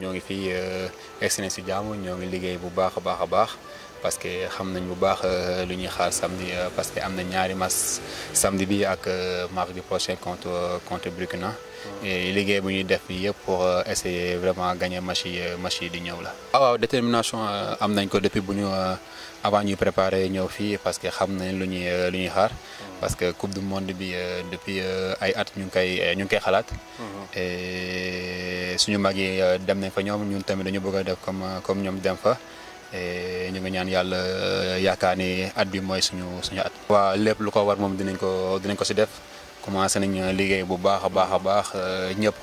ñoo ngi fi euh, egsi na si jàmm ñoo ngi liggéey bu baax a baax a baax parce que xam nañ bu baax euh, lu ñuy xaar samedi euh, parce que am na ñaari match samedi bi ak euh, mardi prochain contre contre Burkina liggéey bu ñuy def bi yëpp pour essayer vraiment gagner match yi yi di ñëw la ah waaw détermination am nañ ko depuis bu ñu avant ñuy préparer ñëw fii parce que xam nañ lu ñuy lu ñuy xaar parce que coupe du monde bi depuis ay at ñu ngi koy ñu ngi koy xalaat et suñu mag yi dem nañ fa ñoom ñun tamit dañu bëgg a def comme comme ñoom dem fa Eh, ñu ngi ñaan yàlla eh, yaakaar ni at bi mooy suñu suñu at. waaw lépp lu ko war moom dinañ ko dinañ ko si def commencé nañ eh, liggéey bu baax a baax a baax ñëpp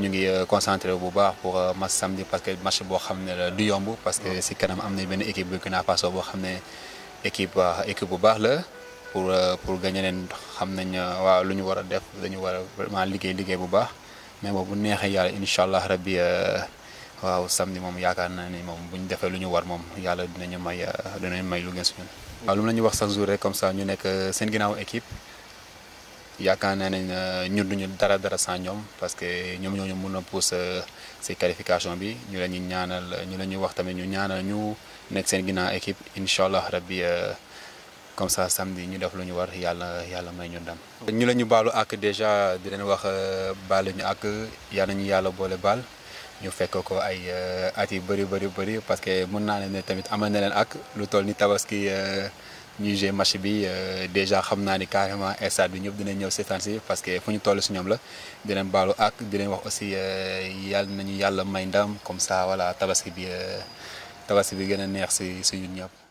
ñu ngi concentré bu baax pour match samedi parce que match boo xam ne la du yomb. parce que si kanam am nañ benn équipe Burkina Faso boo xam ne équipe équipe bu baax la. pour pour gagner xam nañ waaw lu ñu war a def dañu war a vraiment liggéey liggéey bu baax mais boobu bu neexee yàlla incha allah waaw samedi moom yaakaar naa ni moom bu ñu defee lu ñu war moom yàlla dinañu may euh, dinañu may lu gën suñu. waaw lu mu la ñu wax chaque jour rek comme ça ñu nekk euh, seen ginnaaw équipe yaakaar naa ne euh, ñun duñu dara dara sans ñoom parce que ñoom ñoo ñu mun a pousse si qualification bi ñu ñu ñaanal ñu leen ñu wax tamit ñu ñaanal ñu nekk seen ginnaaw équipe incha allah rabbi comme ça samedi ñu def lu ñu war yàlla yàlla may ñu dem ñu la baalu ak déjà di leen wax baal ñu ak yàlla ñu yàlla boole baal. ñu fekk ko ay euh, at yu bëri bëri bëri parce que mën naa ne ne tamit amal na leen ak lu toll ni tabaski euh, ñuy joué match bi euh, déjà xam naa ni carrément stade bi ñëpp dinañ ñëw seetaan si parce que fu ñu toll si ñoom la dinañ baalo ak dinañ wax aussi yàlla nañu yàlla may ndam comme ça voilà tabaski bi tabaski bi gën a neex si suñu ñun ñëpp.